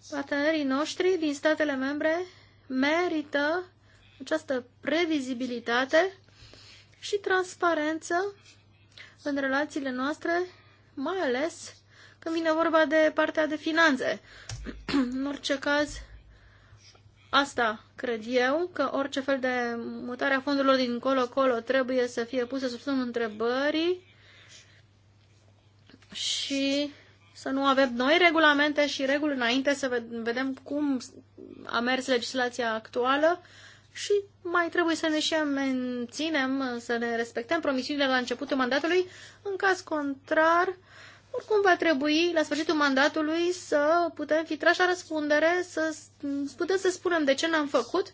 Partenerii noștri din statele membre merită această previzibilitate și transparență în relațiile noastre, mai ales când vine vorba de partea de finanțe. în orice caz, Asta cred eu, că orice fel de mutare a fondurilor din colo-colo trebuie să fie pusă sub semnul întrebării și să nu avem noi regulamente și reguli înainte să vedem cum a mers legislația actuală și mai trebuie să ne și menținem, să ne respectăm promisiunile la începutul mandatului. În caz contrar, oricum va trebui la sfârșitul mandatului să putem fi trași la răspundere, să putem să spunem de ce n-am făcut,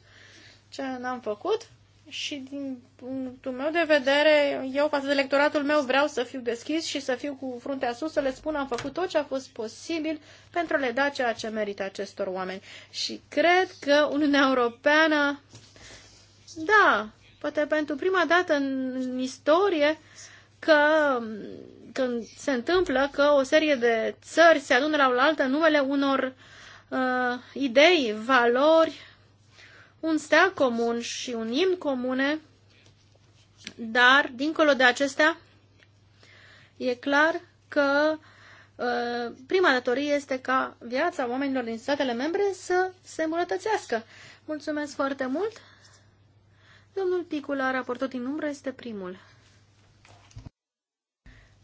ce n-am făcut și din punctul meu de vedere, eu față de electoratul meu vreau să fiu deschis și să fiu cu fruntea sus, să le spun am făcut tot ce a fost posibil pentru a le da ceea ce merită acestor oameni. Și cred că Uniunea Europeană, da, poate pentru prima dată în istorie, că când se întâmplă că o serie de țări se adună la oaltă numele unor uh, idei, valori, un steag comun și un imn comune, dar, dincolo de acestea, e clar că uh, prima datorie este ca viața oamenilor din statele membre să se îmbunătățească. Mulțumesc foarte mult! Domnul Picula, raportul din umbră, este primul.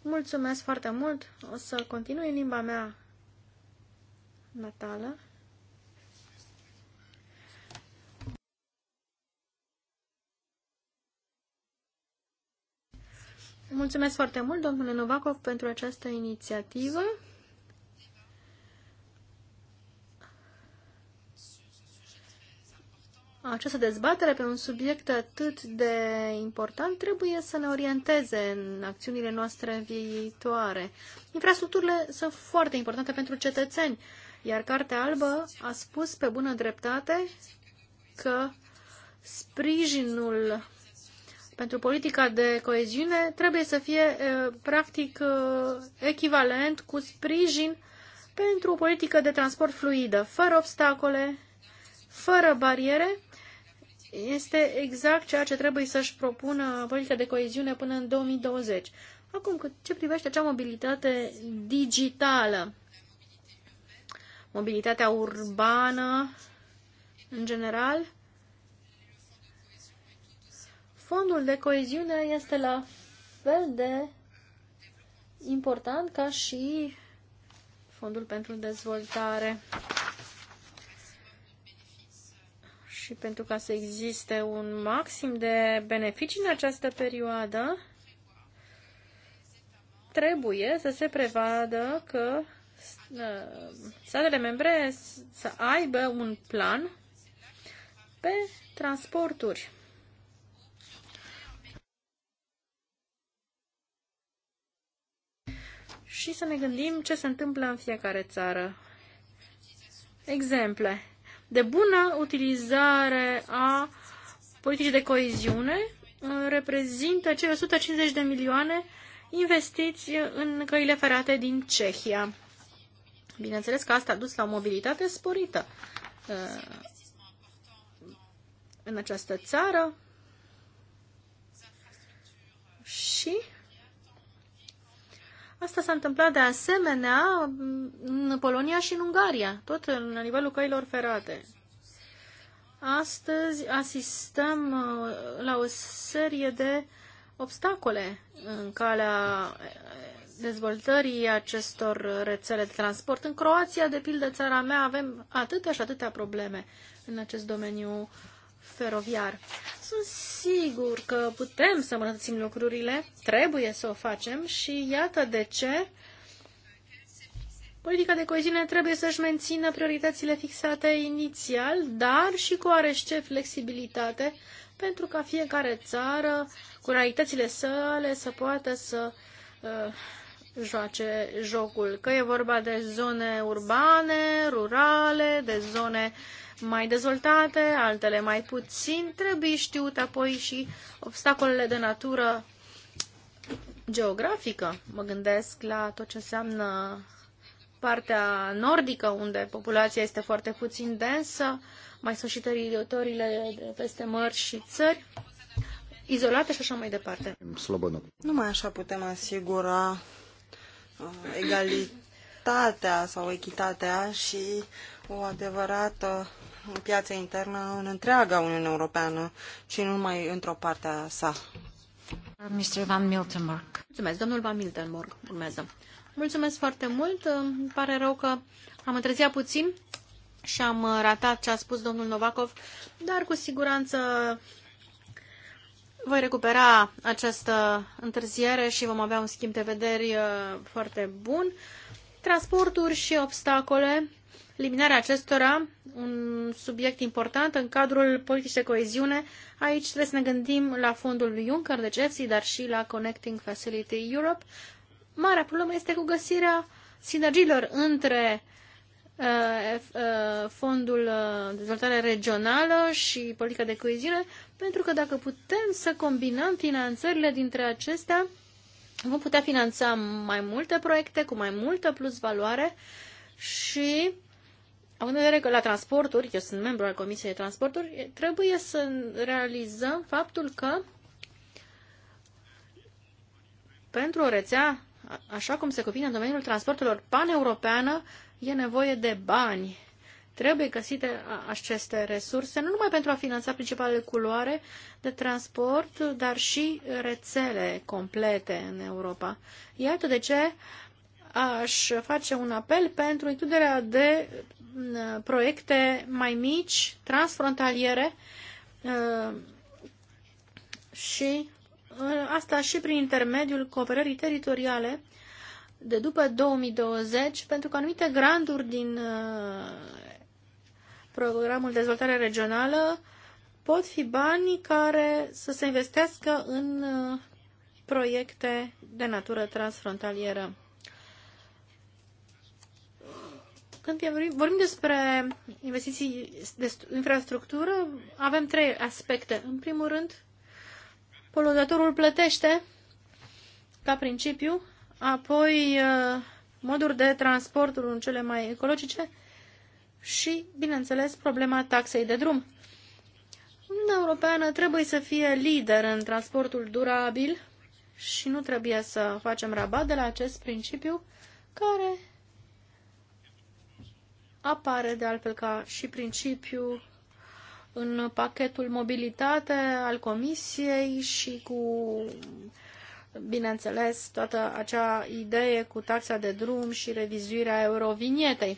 Mulțumesc foarte mult. O să continui în limba mea natală. Mulțumesc foarte mult, domnule Novakov, pentru această inițiativă. această dezbatere pe un subiect atât de important trebuie să ne orienteze în acțiunile noastre viitoare. Infrastructurile sunt foarte importante pentru cetățeni, iar Cartea Albă a spus pe bună dreptate că sprijinul pentru politica de coeziune trebuie să fie practic echivalent cu sprijin pentru o politică de transport fluidă, fără obstacole, fără bariere este exact ceea ce trebuie să-și propună politica de coeziune până în 2020. Acum, ce privește acea mobilitate digitală, mobilitatea urbană, în general, fondul de coeziune este la fel de important ca și fondul pentru dezvoltare. și pentru ca să existe un maxim de beneficii în această perioadă, trebuie să se prevadă că uh, statele membre să aibă un plan pe transporturi. Și să ne gândim ce se întâmplă în fiecare țară. Exemple de bună utilizare a politicii de coeziune uh, reprezintă cele 150 de milioane investiți în căile ferate din Cehia. Bineînțeles că asta a dus la o mobilitate sporită uh, în această țară și Asta s-a întâmplat de asemenea în Polonia și în Ungaria, tot la nivelul căilor ferate. Astăzi asistăm uh, la o serie de obstacole în calea uh, dezvoltării acestor rețele de transport. În Croația, de pildă, țara mea, avem atâtea și atâtea probleme în acest domeniu feroviar. Sunt sigur că putem să îmbunătățim lucrurile, trebuie să o facem și iată de ce politica de coeziune trebuie să-și mențină prioritățile fixate inițial, dar și cu oarește flexibilitate pentru ca fiecare țară, cu realitățile sale, să poată să uh, joace jocul. Că e vorba de zone urbane, rurale, de zone uh, mai dezvoltate, altele mai puțin, trebuie știut apoi și obstacolele de natură geografică. Mă gândesc la tot ce înseamnă partea nordică, unde populația este foarte puțin densă, mai sunt și teritoriile de peste mări și țări izolate și așa mai departe. Slobodă. mai așa putem asigura uh, egali, libertatea sau echitatea și o adevărată piață internă în întreaga Uniune Europeană și nu numai într-o parte a sa. Mr. Van Miltenburg. Mulțumesc, domnul Van Miltenburg. Urmează. Mulțumesc foarte mult. Îmi pare rău că am întârziat puțin și am ratat ce a spus domnul Novakov, dar cu siguranță voi recupera această întârziere și vom avea un schimb de vederi uh, foarte bun. Transporturi și obstacole, eliminarea acestora, un subiect important în cadrul politicii de coeziune. Aici trebuie să ne gândim la fondul lui Juncker, de EFSI, dar și la Connecting Facility Europe. Marea problemă este cu găsirea sinergiilor între uh, uh, fondul uh, de dezvoltare regională și politica de coeziune, pentru că dacă putem să combinăm finanțările dintre acestea, vom putea finanța mai multe proiecte cu mai multă plus valoare și, având în vedere că la transporturi, eu sunt membru al Comisiei de Transporturi, trebuie să realizăm faptul că pentru o rețea, așa cum se cuvine în domeniul transporturilor paneuropeană, e nevoie de bani Trebuie găsite aceste resurse, nu numai pentru a finanța principalele culoare de transport, dar și rețele complete în Europa. Iată de ce aș face un apel pentru includerea de proiecte mai mici, transfrontaliere și asta și prin intermediul cooperării teritoriale de după 2020, pentru că anumite granduri din programul dezvoltare regională pot fi bani care să se investească în uh, proiecte de natură transfrontalieră. Când vorbim despre investiții de infrastructură, avem trei aspecte. În primul rând, poluatorul plătește ca principiu, apoi uh, moduri de transport în cele mai ecologice și, bineînțeles, problema taxei de drum. Uniunea Europeană trebuie să fie lider în transportul durabil și nu trebuie să facem rabat de la acest principiu care apare de altfel ca și principiu în pachetul mobilitate al Comisiei și cu, bineînțeles, toată acea idee cu taxa de drum și revizuirea eurovinietei.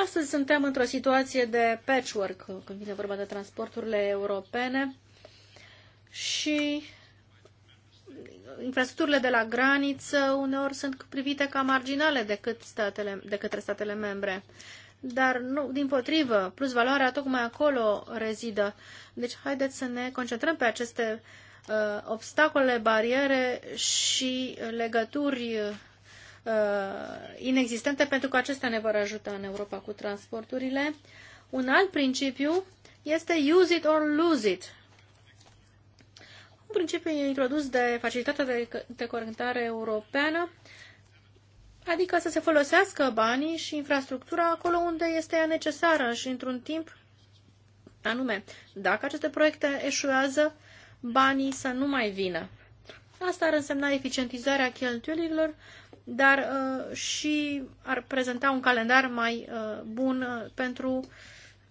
Astăzi suntem într-o situație de patchwork când vine vorba de transporturile europene și infrastructurile de la graniță uneori sunt privite ca marginale decât statele, de către statele membre. Dar, nu, din potrivă, plus valoarea tocmai acolo rezidă. Deci, haideți să ne concentrăm pe aceste uh, obstacole, bariere și legături uh, inexistente, pentru că acestea ne vor ajuta în Europa cu transporturile. Un alt principiu este use it or lose it. Un principiu introdus de Facilitatea de, de Europeană, adică să se folosească banii și infrastructura acolo unde este ea necesară și într-un timp anume. Dacă aceste proiecte eșuează, banii să nu mai vină. Asta ar însemna eficientizarea cheltuielilor, dar uh, și ar prezenta un calendar mai uh, bun uh, pentru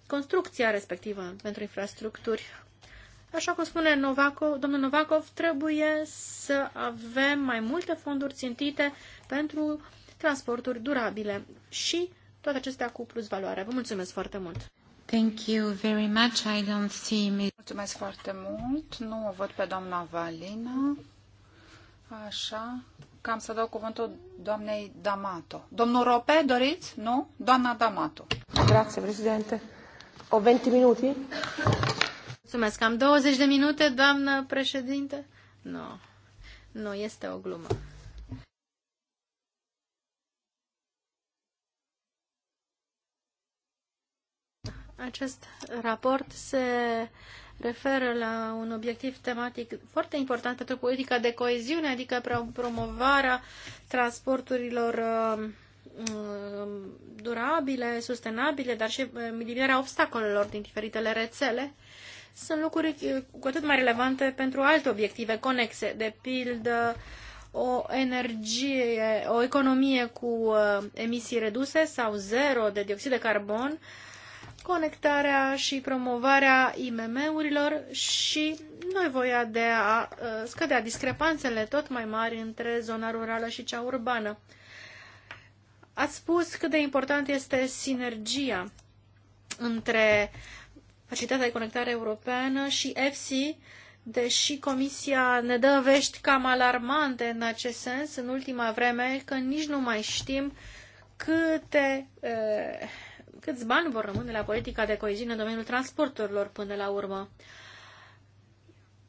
construcția respectivă, pentru infrastructuri. Așa cum spune Novakov, domnul Novakov, trebuie să avem mai multe fonduri țintite pentru transporturi durabile și toate acestea cu plus valoare. Vă mulțumesc foarte mult! Thank you very much. I don't see me. Mulțumesc foarte mult. Nu o văd pe doamna Valina. Așa Cam să dau cuvântul doamnei Damato. Domnul Rope, doriți? Nu? Doamna Damato. Grazie, președinte. O 20 minute? Mulțumesc. Am 20 de minute, doamnă președinte? Nu. No. Nu, no, este o glumă. Acest raport se referă la un obiectiv tematic foarte important pentru politica de coeziune, adică promovarea transporturilor um, um, durabile, sustenabile, dar și eliminarea uh, obstacolelor din diferitele rețele, sunt lucruri uh, cu atât mai relevante pentru alte obiective conexe, de pildă o energie, o economie cu uh, emisii reduse sau zero de dioxid de carbon, uh, conectarea și promovarea IMM-urilor și nevoia de a uh, scădea discrepanțele tot mai mari între zona rurală și cea urbană. Ați spus cât de important este sinergia între Facilitatea de Conectare Europeană și EFSI, deși Comisia ne dă vești cam alarmante în acest sens în ultima vreme, că nici nu mai știm câte uh, câți bani vor rămâne la politica de coeziune în domeniul transporturilor până la urmă.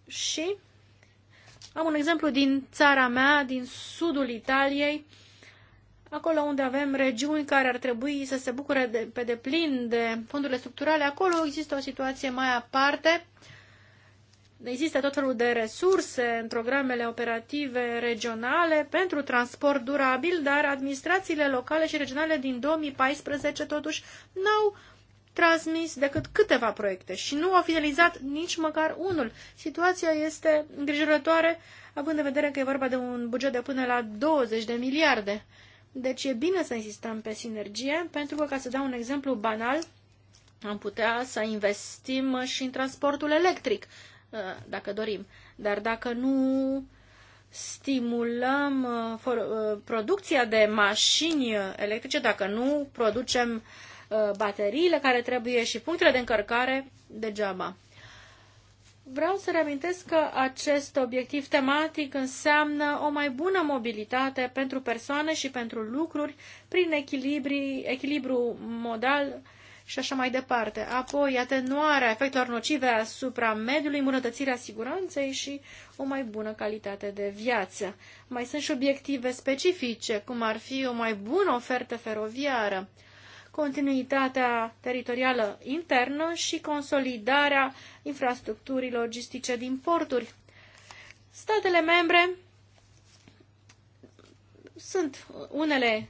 Și am un exemplu din țara mea, din sudul Italiei, acolo unde avem regiuni care ar trebui să se bucure de, pe deplin de fondurile structurale, acolo există o situație mai aparte Există tot felul de resurse în programele operative regionale pentru transport durabil, dar administrațiile locale și regionale din 2014 totuși n-au transmis decât câteva proiecte și nu au finalizat nici măcar unul. Situația este îngrijorătoare, având în vedere că e vorba de un buget de până la 20 de miliarde. Deci e bine să insistăm pe sinergie, pentru că, ca să dau un exemplu banal, am putea să investim și în transportul electric Uh, dacă dorim. Dar dacă nu stimulăm uh, uh, producția de mașini electrice, dacă nu producem bateriile care trebuie și punctele de încărcare, degeaba. Vreau să reamintesc că acest obiectiv tematic înseamnă o mai bună mobilitate pentru persoane și pentru lucruri prin echilibru modal și așa mai departe. Apoi, atenuarea efectelor nocive asupra mediului, îmbunătățirea siguranței și o mai bună calitate de viață. Mai sunt și obiective specifice, cum ar fi o mai bună ofertă feroviară, continuitatea teritorială internă și consolidarea infrastructurii logistice din porturi. Statele membre sunt unele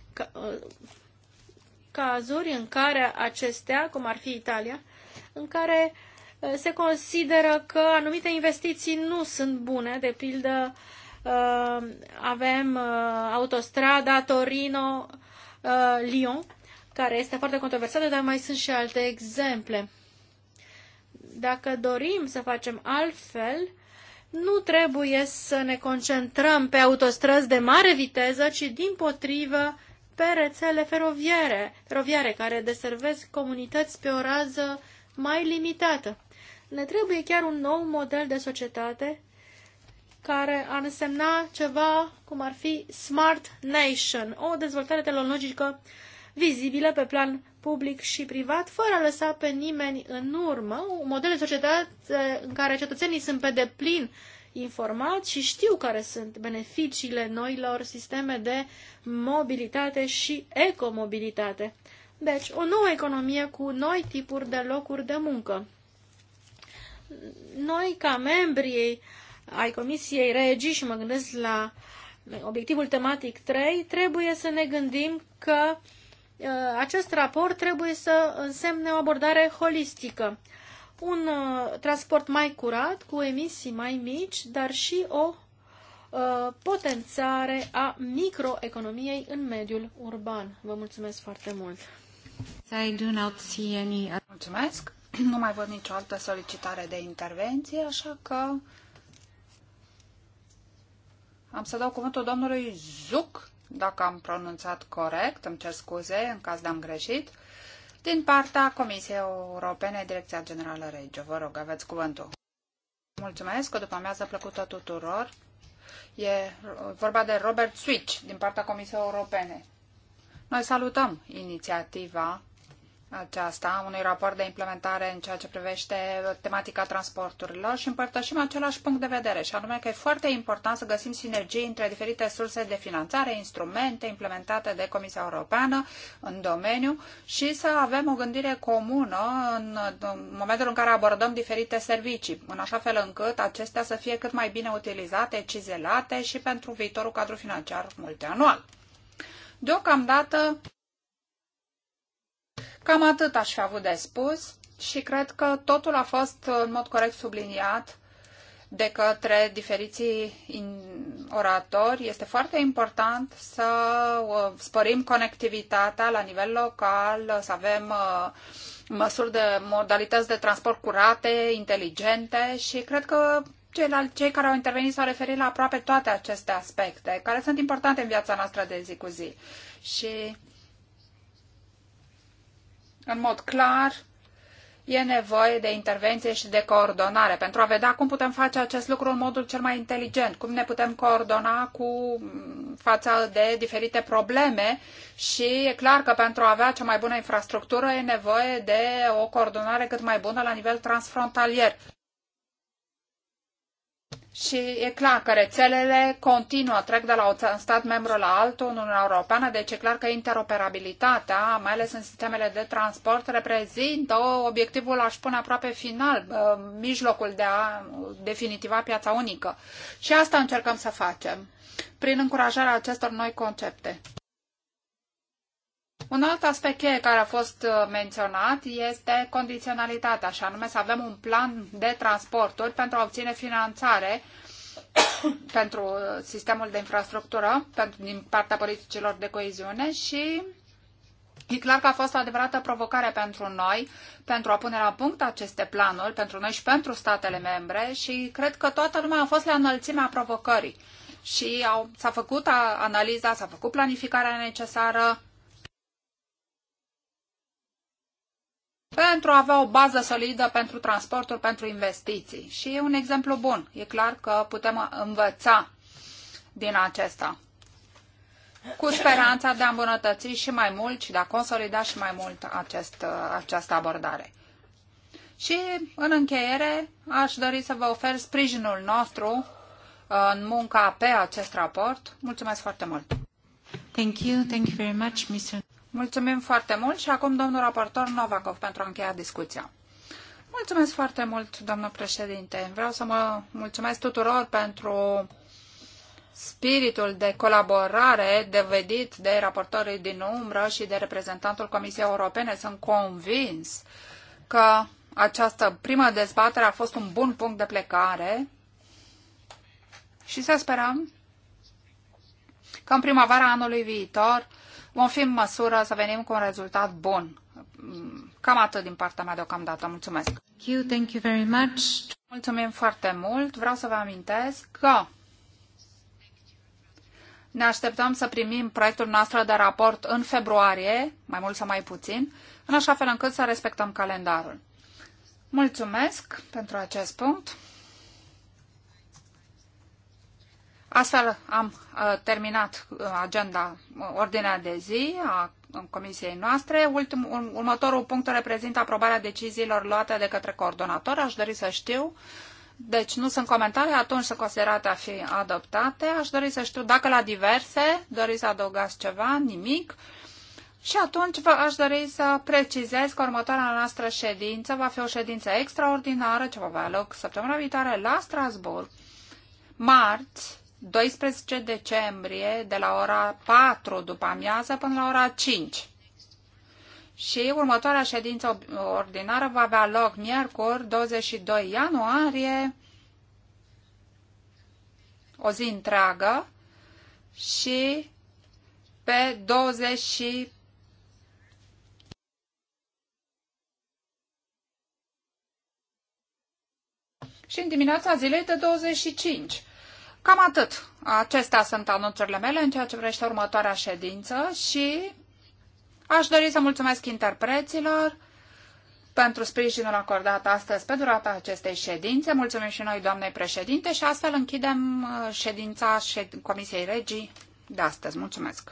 cazuri în care acestea, cum ar fi Italia, în care uh, se consideră că anumite investiții nu sunt bune, de pildă uh, avem uh, autostrada Torino-Lyon, care este foarte controversată, dar mai sunt și alte exemple. Dacă dorim să facem altfel, nu trebuie să ne concentrăm pe autostrăzi de mare viteză, ci din potrivă pe rețele feroviere, feroviare care deservesc comunități pe o rază mai limitată. Ne trebuie chiar un nou model de societate care ar însemna ceva cum ar fi Smart Nation, o dezvoltare tehnologică vizibilă pe plan public și privat, fără a lăsa pe nimeni în urmă, un model de societate în care cetățenii sunt pe deplin informat și știu care sunt beneficiile noilor sisteme de mobilitate și ecomobilitate. Deci, o nouă economie cu noi tipuri de locuri de muncă. Noi, ca membrii ai Comisiei Regi și mă gândesc la obiectivul tematic 3, trebuie să ne gândim că ă, acest raport trebuie să însemne o abordare holistică un uh, transport mai curat, cu emisii mai mici, dar și o uh, potențare a microeconomiei în mediul urban. Vă mulțumesc foarte mult! I do not see any... Mulțumesc! Nu mai văd nicio altă solicitare de intervenție, așa că am să dau cuvântul domnului Zuc, dacă am pronunțat corect, îmi cer scuze în caz de am greșit, din partea Comisiei Europene, Direcția Generală Regio. Vă rog, aveți cuvântul. Mulțumesc, o după amiază plăcută tuturor. E vorba de Robert Switch din partea Comisiei Europene. Noi salutăm inițiativa aceasta, unui raport de implementare în ceea ce privește tematica transporturilor și împărtășim același punct de vedere, și anume că e foarte important să găsim sinergii între diferite surse de finanțare, instrumente implementate de Comisia Europeană în domeniu și să avem o gândire comună în momentul în care abordăm diferite servicii, în așa fel încât acestea să fie cât mai bine utilizate, cizelate și pentru viitorul cadru financiar multianual. Deocamdată, Cam atât aș fi avut de spus și cred că totul a fost în mod corect subliniat de către diferiții oratori. Este foarte important să uh, sporim conectivitatea la nivel local, să avem uh, măsuri de modalități de transport curate, inteligente și cred că cei care au intervenit s-au referit la aproape toate aceste aspecte, care sunt importante în viața noastră de zi cu zi. Și în mod clar, e nevoie de intervenție și de coordonare pentru a vedea cum putem face acest lucru în modul cel mai inteligent, cum ne putem coordona cu mm, fața de diferite probleme și e clar că pentru a avea cea mai bună infrastructură e nevoie de o coordonare cât mai bună la nivel transfrontalier. Și e clar că rețelele continuă, trec de la un stat membru la altul în Uniunea Europeană, deci e clar că interoperabilitatea, mai ales în sistemele de transport, reprezintă obiectivul, aș spune, aproape final, mijlocul de a definitiva piața unică. Și asta încercăm să facem, prin încurajarea acestor noi concepte. Un alt aspect cheie care a fost uh, menționat este condiționalitatea, și anume să avem un plan de transporturi pentru a obține finanțare pentru uh, sistemul de infrastructură pentru, din partea politicilor de coeziune și E clar că a fost o adevărată provocare pentru noi, pentru a pune la punct aceste planuri, pentru noi și pentru statele membre și cred că toată lumea a fost la înălțimea provocării. Și s-a făcut a, analiza, s-a făcut planificarea necesară pentru a avea o bază solidă pentru transportul, pentru investiții. Și e un exemplu bun. E clar că putem învăța din acesta cu speranța de a îmbunătăți și mai mult și de a consolida și mai mult acest, această abordare. Și în încheiere aș dori să vă ofer sprijinul nostru uh, în munca pe acest raport. Mulțumesc foarte mult! Thank you, thank you very much, Mr. Mulțumim foarte mult și acum domnul raportor Novakov pentru a încheia discuția. Mulțumesc foarte mult, domnul președinte. Vreau să mă mulțumesc tuturor pentru spiritul de colaborare devedit de raportorii din umbră și de reprezentantul Comisiei Europene. Sunt convins că această primă dezbatere a fost un bun punct de plecare și să sperăm că în primăvara anului viitor vom fi în măsură să venim cu un rezultat bun. Cam atât din partea mea deocamdată. Mulțumesc! Thank you, thank you very much. Mulțumim foarte mult! Vreau să vă amintesc că ne așteptăm să primim proiectul nostru de raport în februarie, mai mult sau mai puțin, în așa fel încât să respectăm calendarul. Mulțumesc pentru acest punct. Astfel am uh, terminat uh, agenda, uh, ordinea de zi a comisiei noastre. Ultim, urm următorul punct reprezintă aprobarea deciziilor luate de către coordonator. Aș dori să știu, deci nu sunt comentarii, atunci sunt considerate a fi adoptate. Aș dori să știu dacă la diverse doriți să adăugați ceva, nimic. Și atunci vă aș dori să precizez că următoarea noastră ședință va fi o ședință extraordinară ce va avea loc săptămâna viitoare la Strasbourg, marți, 12 decembrie de la ora 4 după amiază până la ora 5. Și următoarea ședință ordinară va avea loc miercuri 22 ianuarie, o zi întreagă, și pe 20 și în dimineața zilei de 25. Cam atât. Acestea sunt anunțurile mele în ceea ce privește următoarea ședință și aș dori să mulțumesc interpreților pentru sprijinul acordat astăzi pe durata acestei ședințe. Mulțumim și noi, doamnei președinte, și astfel închidem uh, ședința Comisiei Regii de astăzi. Mulțumesc!